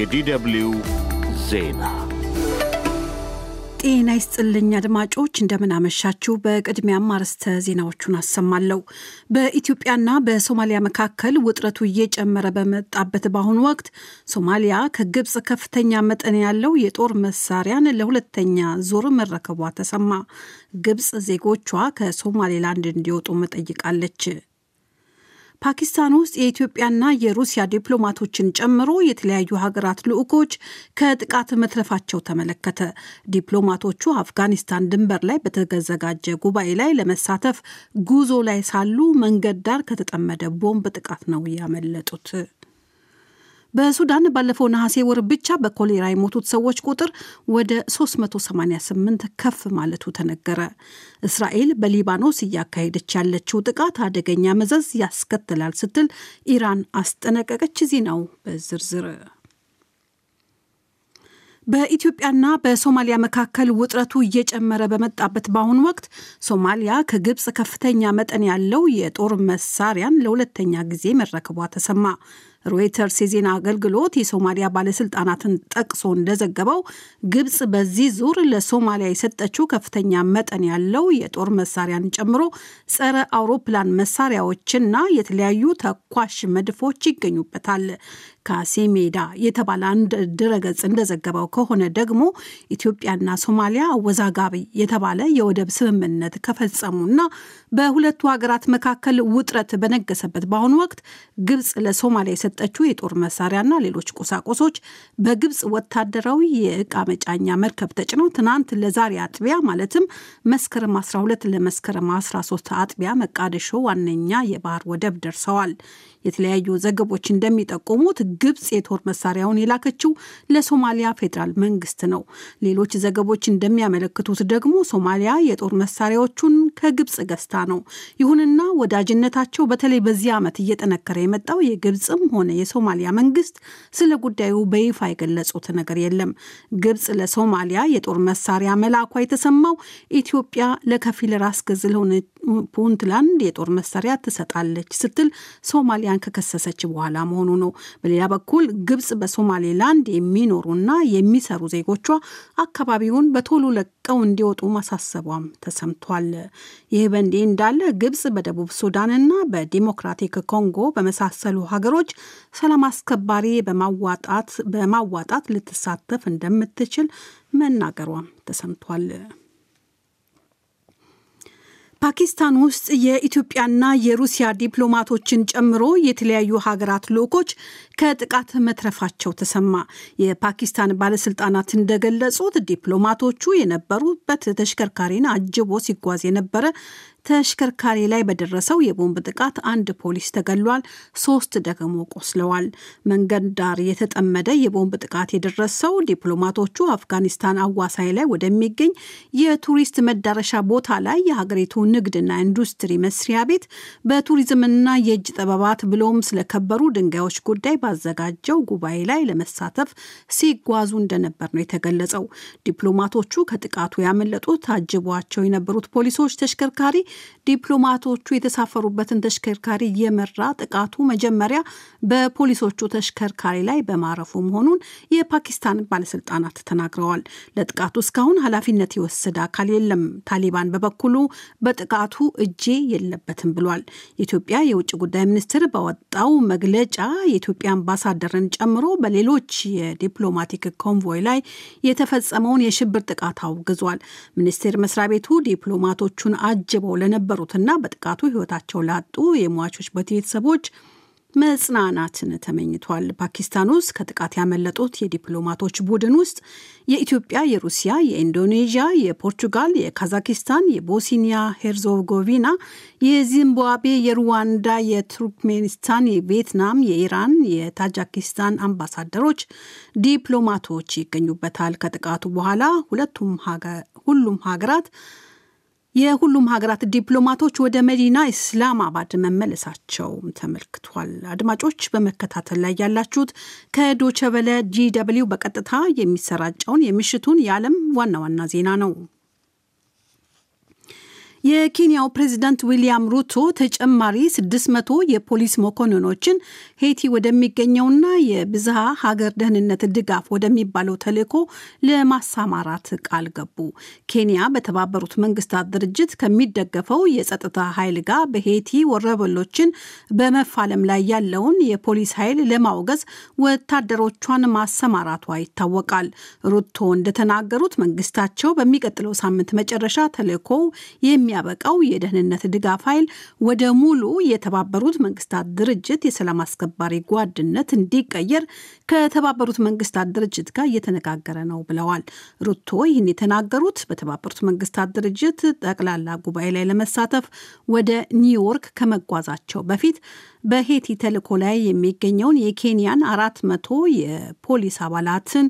የዲደብልዩ ዜና ጤና ይስጥልኝ አድማጮች፣ እንደምናመሻችሁ። በቅድሚያም አርስተ ዜናዎቹን አሰማለሁ። በኢትዮጵያና በሶማሊያ መካከል ውጥረቱ እየጨመረ በመጣበት በአሁኑ ወቅት ሶማሊያ ከግብፅ ከፍተኛ መጠን ያለው የጦር መሳሪያን ለሁለተኛ ዙር መረከቧ ተሰማ። ግብፅ ዜጎቿ ከሶማሌላንድ እንዲወጡ መጠይቃለች። ፓኪስታን ውስጥ የኢትዮጵያና የሩሲያ ዲፕሎማቶችን ጨምሮ የተለያዩ ሀገራት ልዑኮች ከጥቃት መትረፋቸው ተመለከተ። ዲፕሎማቶቹ አፍጋኒስታን ድንበር ላይ በተዘጋጀ ጉባኤ ላይ ለመሳተፍ ጉዞ ላይ ሳሉ መንገድ ዳር ከተጠመደ ቦምብ ጥቃት ነው ያመለጡት። በሱዳን ባለፈው ነሐሴ ወር ብቻ በኮሌራ የሞቱት ሰዎች ቁጥር ወደ 388 ከፍ ማለቱ ተነገረ። እስራኤል በሊባኖስ እያካሄደች ያለችው ጥቃት አደገኛ መዘዝ ያስከትላል ስትል ኢራን አስጠነቀቀች። ዜናው በዝርዝር በኢትዮጵያና በሶማሊያ መካከል ውጥረቱ እየጨመረ በመጣበት በአሁኑ ወቅት ሶማሊያ ከግብፅ ከፍተኛ መጠን ያለው የጦር መሳሪያን ለሁለተኛ ጊዜ መረከቧ ተሰማ። ሮይተርስ የዜና አገልግሎት የሶማሊያ ባለስልጣናትን ጠቅሶ እንደዘገበው ግብጽ በዚህ ዙር ለሶማሊያ የሰጠችው ከፍተኛ መጠን ያለው የጦር መሳሪያን ጨምሮ ጸረ አውሮፕላን መሳሪያዎችና የተለያዩ ተኳሽ መድፎች ይገኙበታል። ካሴሜዳ የተባለ አንድ ድረገጽ እንደዘገበው ከሆነ ደግሞ ኢትዮጵያና ሶማሊያ አወዛጋቢ የተባለ የወደብ ስምምነት ከፈጸሙና በሁለቱ ሀገራት መካከል ውጥረት በነገሰበት በአሁኑ ወቅት ግብጽ ለሶማሊያ የሰጠችው የጦር መሳሪያና ሌሎች ቁሳቁሶች በግብፅ ወታደራዊ የእቃ መጫኛ መርከብ ተጭነው ትናንት ለዛሬ አጥቢያ ማለትም መስከረም 12 ለመስከረም 13 አጥቢያ መቃደሾ ዋነኛ የባህር ወደብ ደርሰዋል። የተለያዩ ዘገቦች እንደሚጠቁሙት ግብጽ የጦር መሳሪያውን የላከችው ለሶማሊያ ፌዴራል መንግስት ነው። ሌሎች ዘገቦች እንደሚያመለክቱት ደግሞ ሶማሊያ የጦር መሳሪያዎቹን ከግብጽ ገዝታ ነው። ይሁንና ወዳጅነታቸው በተለይ በዚህ ዓመት እየጠነከረ የመጣው የግብጽም ሆነ የሶማሊያ መንግስት ስለ ጉዳዩ በይፋ የገለጹት ነገር የለም። ግብጽ ለሶማሊያ የጦር መሳሪያ መላኳ የተሰማው ኢትዮጵያ ለከፊል ራስ ገዝ ለሆነ ፑንትላንድ የጦር መሳሪያ ትሰጣለች ስትል ሶማሊያ ሶማሊያን ከከሰሰች በኋላ መሆኑ ነው። በሌላ በኩል ግብጽ በሶማሌላንድ የሚኖሩና የሚሰሩ ዜጎቿ አካባቢውን በቶሎ ለቀው እንዲወጡ ማሳሰቧም ተሰምቷል። ይህ በእንዲህ እንዳለ ግብጽ በደቡብ ሱዳንና በዲሞክራቲክ ኮንጎ በመሳሰሉ ሀገሮች ሰላም አስከባሪ በማዋጣት በማዋጣት ልትሳተፍ እንደምትችል መናገሯም ተሰምቷል። ፓኪስታን ውስጥ የኢትዮጵያና የሩሲያ ዲፕሎማቶችን ጨምሮ የተለያዩ ሀገራት ልዑኮች ከጥቃት መትረፋቸው ተሰማ። የፓኪስታን ባለስልጣናት እንደገለጹት ዲፕሎማቶቹ የነበሩበት ተሽከርካሪን አጅቦ ሲጓዝ የነበረ ተሽከርካሪ ላይ በደረሰው የቦምብ ጥቃት አንድ ፖሊስ ተገሏል፣ ሶስት ደግሞ ቆስለዋል። መንገድ ዳር የተጠመደ የቦምብ ጥቃት የደረሰው ዲፕሎማቶቹ አፍጋኒስታን አዋሳኝ ላይ ወደሚገኝ የቱሪስት መዳረሻ ቦታ ላይ የሀገሪቱ ንግድና ኢንዱስትሪ መስሪያ ቤት በቱሪዝምና የእጅ ጥበባት ብሎም ስለከበሩ ድንጋዮች ጉዳይ ባዘጋጀው ጉባኤ ላይ ለመሳተፍ ሲጓዙ እንደነበር ነው የተገለጸው። ዲፕሎማቶቹ ከጥቃቱ ያመለጡት ታጅቧቸው የነበሩት ፖሊሶች ተሽከርካሪ ዲፕሎማቶቹ የተሳፈሩበትን ተሽከርካሪ የመራ ጥቃቱ መጀመሪያ በፖሊሶቹ ተሽከርካሪ ላይ በማረፉ መሆኑን የፓኪስታን ባለስልጣናት ተናግረዋል። ለጥቃቱ እስካሁን ኃላፊነት የወሰደ አካል የለም። ታሊባን በበኩሉ በጥቃቱ እጄ የለበትም ብሏል። የኢትዮጵያ የውጭ ጉዳይ ሚኒስትር በወጣው መግለጫ የኢትዮጵያ አምባሳደርን ጨምሮ በሌሎች የዲፕሎማቲክ ኮንቮይ ላይ የተፈጸመውን የሽብር ጥቃት አውግዟል። ሚኒስቴር መስሪያ ቤቱ ዲፕሎማቶቹን አጅበው ለነበሩትና በጥቃቱ ህይወታቸው ላጡ የሟቾች ቤተሰቦች መጽናናትን ተመኝቷል። ፓኪስታን ውስጥ ከጥቃት ያመለጡት የዲፕሎማቶች ቡድን ውስጥ የኢትዮጵያ፣ የሩሲያ፣ የኢንዶኔዥያ፣ የፖርቹጋል፣ የካዛኪስታን፣ የቦስኒያ ሄርዞጎቪና፣ የዚምባብዌ፣ የሩዋንዳ፣ የቱርክሜኒስታን፣ የቪየትናም፣ የኢራን፣ የታጃኪስታን አምባሳደሮች ዲፕሎማቶች ይገኙበታል። ከጥቃቱ በኋላ ሁለቱም ሁሉም ሀገራት የሁሉም ሀገራት ዲፕሎማቶች ወደ መዲና ኢስላማባድ መመለሳቸውም ተመልክቷል። አድማጮች በመከታተል ላይ ያላችሁት ከዶቸበለ ጂደብሊው በቀጥታ የሚሰራጨውን የምሽቱን የዓለም ዋና ዋና ዜና ነው። የኬንያው ፕሬዚዳንት ዊልያም ሩቶ ተጨማሪ 600 የፖሊስ መኮንኖችን ሄቲ ወደሚገኘውና የብዝሃ ሀገር ደህንነት ድጋፍ ወደሚባለው ተልዕኮ ለማሳማራት ቃል ገቡ። ኬንያ በተባበሩት መንግስታት ድርጅት ከሚደገፈው የጸጥታ ኃይል ጋር በሄቲ ወረበሎችን በመፋለም ላይ ያለውን የፖሊስ ኃይል ለማውገዝ ወታደሮቿን ማሰማራቷ ይታወቃል። ሩቶ እንደተናገሩት መንግስታቸው በሚቀጥለው ሳምንት መጨረሻ ተልዕኮው የሚ የሚያበቃው የደህንነት ድጋፍ ኃይል ወደ ሙሉ የተባበሩት መንግስታት ድርጅት የሰላም አስከባሪ ጓድነት እንዲቀየር ከተባበሩት መንግስታት ድርጅት ጋር እየተነጋገረ ነው ብለዋል። ሩቶ ይህን የተናገሩት በተባበሩት መንግስታት ድርጅት ጠቅላላ ጉባኤ ላይ ለመሳተፍ ወደ ኒውዮርክ ከመጓዛቸው በፊት በሄቲ ተልእኮ ላይ የሚገኘውን የኬንያን አራት መቶ የፖሊስ አባላትን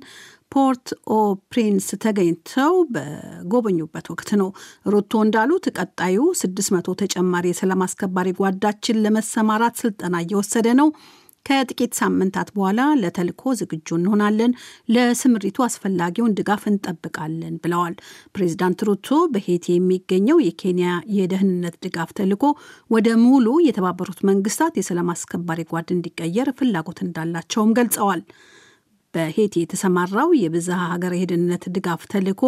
ፖርት ኦ ፕሪንስ ተገኝተው በጎበኙበት ወቅት ነው። ሩቶ እንዳሉት ቀጣዩ 600 ተጨማሪ የሰላም አስከባሪ ጓዳችን ለመሰማራት ስልጠና እየወሰደ ነው። ከጥቂት ሳምንታት በኋላ ለተልኮ ዝግጁ እንሆናለን፣ ለስምሪቱ አስፈላጊውን ድጋፍ እንጠብቃለን ብለዋል። ፕሬዚዳንት ሩቶ በሄቲ የሚገኘው የኬንያ የደህንነት ድጋፍ ተልኮ ወደ ሙሉ የተባበሩት መንግስታት የሰላም አስከባሪ ጓድ እንዲቀየር ፍላጎት እንዳላቸውም ገልጸዋል። በሄቲ የተሰማራው የብዝሃ ሀገር የደህንነት ድጋፍ ተልዕኮ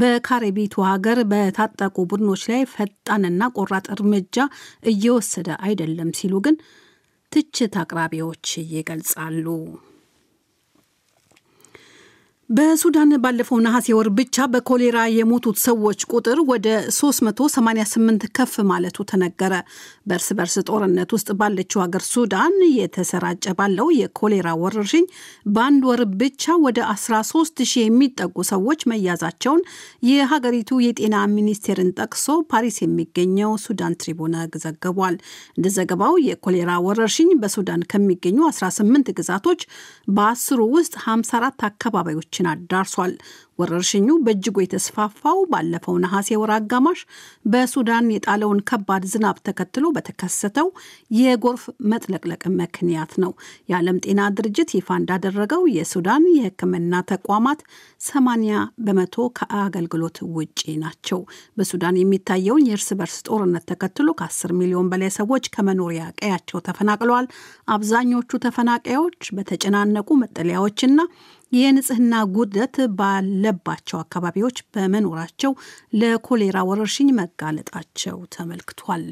በካሪቢቱ ሀገር በታጠቁ ቡድኖች ላይ ፈጣንና ቆራጥ እርምጃ እየወሰደ አይደለም ሲሉ ግን ትችት አቅራቢዎች ይገልጻሉ። በሱዳን ባለፈው ነሐሴ ወር ብቻ በኮሌራ የሞቱት ሰዎች ቁጥር ወደ 388 ከፍ ማለቱ ተነገረ። በእርስ በርስ ጦርነት ውስጥ ባለችው ሀገር ሱዳን የተሰራጨ ባለው የኮሌራ ወረርሽኝ በአንድ ወር ብቻ ወደ 13 ሺህ የሚጠጉ ሰዎች መያዛቸውን የሀገሪቱ የጤና ሚኒስቴርን ጠቅሶ ፓሪስ የሚገኘው ሱዳን ትሪቡነ ዘግቧል። እንደ ዘገባው የኮሌራ ወረርሽኝ በሱዳን ከሚገኙ 18 ግዛቶች በአስሩ ውስጥ 54 አካባቢዎች ሰዎችን አዳርሷል። ወረርሽኙ በእጅጉ የተስፋፋው ባለፈው ነሐሴ ወር አጋማሽ በሱዳን የጣለውን ከባድ ዝናብ ተከትሎ በተከሰተው የጎርፍ መጥለቅለቅ ምክንያት ነው። የዓለም ጤና ድርጅት ይፋ እንዳደረገው የሱዳን የሕክምና ተቋማት 80 በመቶ ከአገልግሎት ውጪ ናቸው። በሱዳን የሚታየውን የእርስ በርስ ጦርነት ተከትሎ ከ10 ሚሊዮን በላይ ሰዎች ከመኖሪያ ቀያቸው ተፈናቅለዋል። አብዛኞቹ ተፈናቃዮች በተጨናነቁ መጠለያዎችና የንጽህና ጉድለት ባለባቸው አካባቢዎች በመኖራቸው ለኮሌራ ወረርሽኝ መጋለጣቸው ተመልክቷል።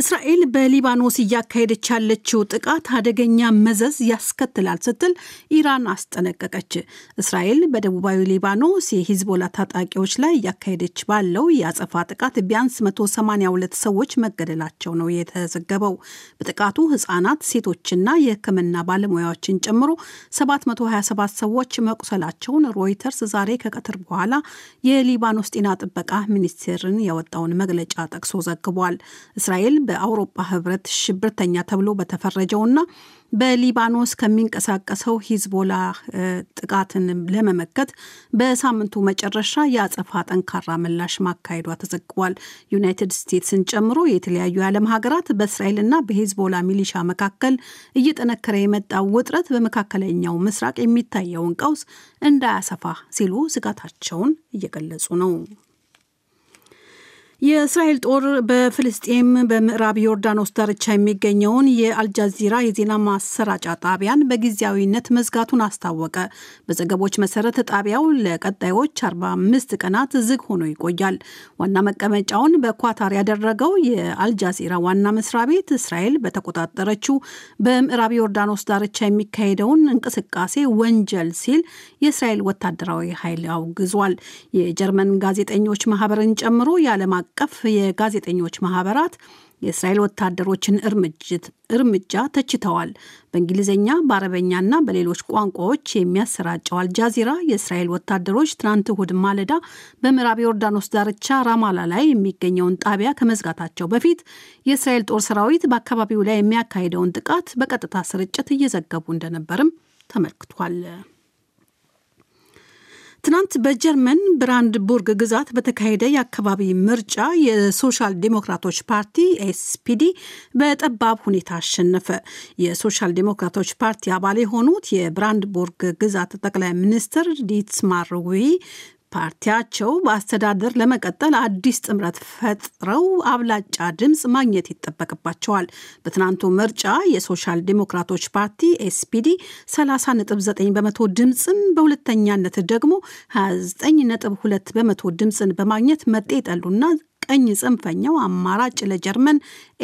እስራኤል በሊባኖስ እያካሄደች ያለችው ጥቃት አደገኛ መዘዝ ያስከትላል ስትል ኢራን አስጠነቀቀች። እስራኤል በደቡባዊ ሊባኖስ የሂዝቦላ ታጣቂዎች ላይ እያካሄደች ባለው የአጸፋ ጥቃት ቢያንስ 182 ሰዎች መገደላቸው ነው የተዘገበው። በጥቃቱ ሕጻናት፣ ሴቶችና የሕክምና ባለሙያዎችን ጨምሮ 727 ሰዎች መቁሰላቸውን ሮይተርስ ዛሬ ከቀትር በኋላ የሊባኖስ ጤና ጥበቃ ሚኒስቴርን ያወጣውን መግለጫ ጠቅሶ ዘግቧል። እስራኤል በአውሮፓ ህብረት ሽብርተኛ ተብሎ በተፈረጀውና በሊባኖስ ከሚንቀሳቀሰው ሂዝቦላ ጥቃትን ለመመከት በሳምንቱ መጨረሻ የአጸፋ ጠንካራ ምላሽ ማካሄዷ ተዘግቧል። ዩናይትድ ስቴትስን ጨምሮ የተለያዩ የዓለም ሀገራት በእስራኤልና በሂዝቦላ ሚሊሻ መካከል እየጠነከረ የመጣው ውጥረት በመካከለኛው ምስራቅ የሚታየውን ቀውስ እንዳያሰፋ ሲሉ ስጋታቸውን እየገለጹ ነው። የእስራኤል ጦር በፍልስጤም በምዕራብ ዮርዳኖስ ዳርቻ የሚገኘውን የአልጃዚራ የዜና ማሰራጫ ጣቢያን በጊዜያዊነት መዝጋቱን አስታወቀ። በዘገቦች መሰረት ጣቢያው ለቀጣዮች 45 ቀናት ዝግ ሆኖ ይቆያል። ዋና መቀመጫውን በኳታር ያደረገው የአልጃዚራ ዋና መስሪያ ቤት እስራኤል በተቆጣጠረችው በምዕራብ ዮርዳኖስ ዳርቻ የሚካሄደውን እንቅስቃሴ ወንጀል ሲል የእስራኤል ወታደራዊ ኃይል አውግዟል። የጀርመን ጋዜጠኞች ማህበርን ጨምሮ የዓለም አቀፍ የጋዜጠኞች ማህበራት የእስራኤል ወታደሮችን እርምጃ ተችተዋል። በእንግሊዝኛ በአረበኛና በሌሎች ቋንቋዎች የሚያሰራጨው አልጃዚራ የእስራኤል ወታደሮች ትናንት እሁድ ማለዳ በምዕራብ ዮርዳኖስ ዳርቻ ራማላ ላይ የሚገኘውን ጣቢያ ከመዝጋታቸው በፊት የእስራኤል ጦር ሰራዊት በአካባቢው ላይ የሚያካሂደውን ጥቃት በቀጥታ ስርጭት እየዘገቡ እንደነበርም ተመልክቷል። ትናንት በጀርመን ብራንድቡርግ ግዛት በተካሄደ የአካባቢ ምርጫ የሶሻል ዴሞክራቶች ፓርቲ ኤስፒዲ በጠባብ ሁኔታ አሸነፈ። የሶሻል ዴሞክራቶች ፓርቲ አባል የሆኑት የብራንድቡርግ ግዛት ጠቅላይ ሚኒስትር ዲትማር ዊ ፓርቲያቸው በአስተዳደር ለመቀጠል አዲስ ጥምረት ፈጥረው አብላጫ ድምፅ ማግኘት ይጠበቅባቸዋል። በትናንቱ ምርጫ የሶሻል ዴሞክራቶች ፓርቲ ኤስፒዲ 30.9 በመቶ ድምፅን በሁለተኛነት ደግሞ 29.2 በመቶ ድምፅን በማግኘት መጤጠሉና ቀኝ ጽንፈኛው አማራጭ ለጀርመን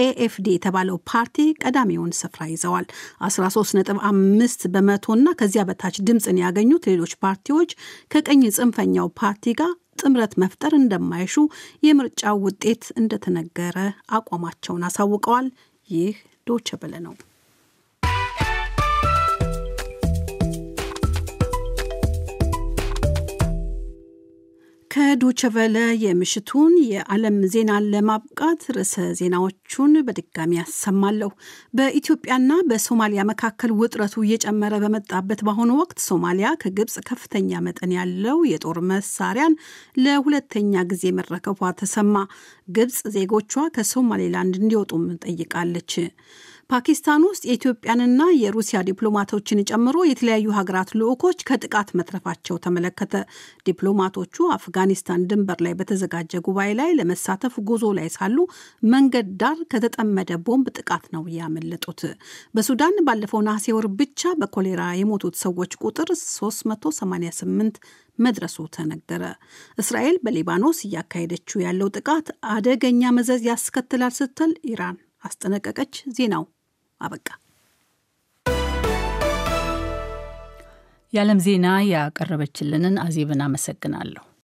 ኤኤፍዲ የተባለው ፓርቲ ቀዳሚውን ስፍራ ይዘዋል። 13.5 እና ከዚያ በታች ድምፅን ያገኙት ሌሎች ፓርቲዎች ከቀኝ ጽንፈኛው ፓርቲ ጋር ጥምረት መፍጠር እንደማይሹ የምርጫው ውጤት እንደተነገረ አቋማቸውን አሳውቀዋል። ይህ ዶቸ ብለ ነው። ከዶቸቨለ የምሽቱን የዓለም ዜናን ለማብቃት ርዕሰ ዜናዎቹን በድጋሚ ያሰማለሁ። በኢትዮጵያና በሶማሊያ መካከል ውጥረቱ እየጨመረ በመጣበት በአሁኑ ወቅት ሶማሊያ ከግብፅ ከፍተኛ መጠን ያለው የጦር መሳሪያን ለሁለተኛ ጊዜ መረከቧ ተሰማ። ግብፅ ዜጎቿ ከሶማሌላንድ እንዲወጡም ጠይቃለች። ፓኪስታን ውስጥ የኢትዮጵያንና የሩሲያ ዲፕሎማቶችን ጨምሮ የተለያዩ ሀገራት ልዑኮች ከጥቃት መትረፋቸው ተመለከተ። ዲፕሎማቶቹ አፍጋኒስታን ድንበር ላይ በተዘጋጀ ጉባኤ ላይ ለመሳተፍ ጉዞ ላይ ሳሉ መንገድ ዳር ከተጠመደ ቦምብ ጥቃት ነው ያመለጡት። በሱዳን ባለፈው ነሐሴ ወር ብቻ በኮሌራ የሞቱት ሰዎች ቁጥር 388 መድረሱ ተነገረ። እስራኤል በሊባኖስ እያካሄደችው ያለው ጥቃት አደገኛ መዘዝ ያስከትላል ስትል ኢራን አስጠነቀቀች። ዜናው አበቃ። የዓለም ዜና ያቀረበችልንን አዜብን አመሰግናለሁ።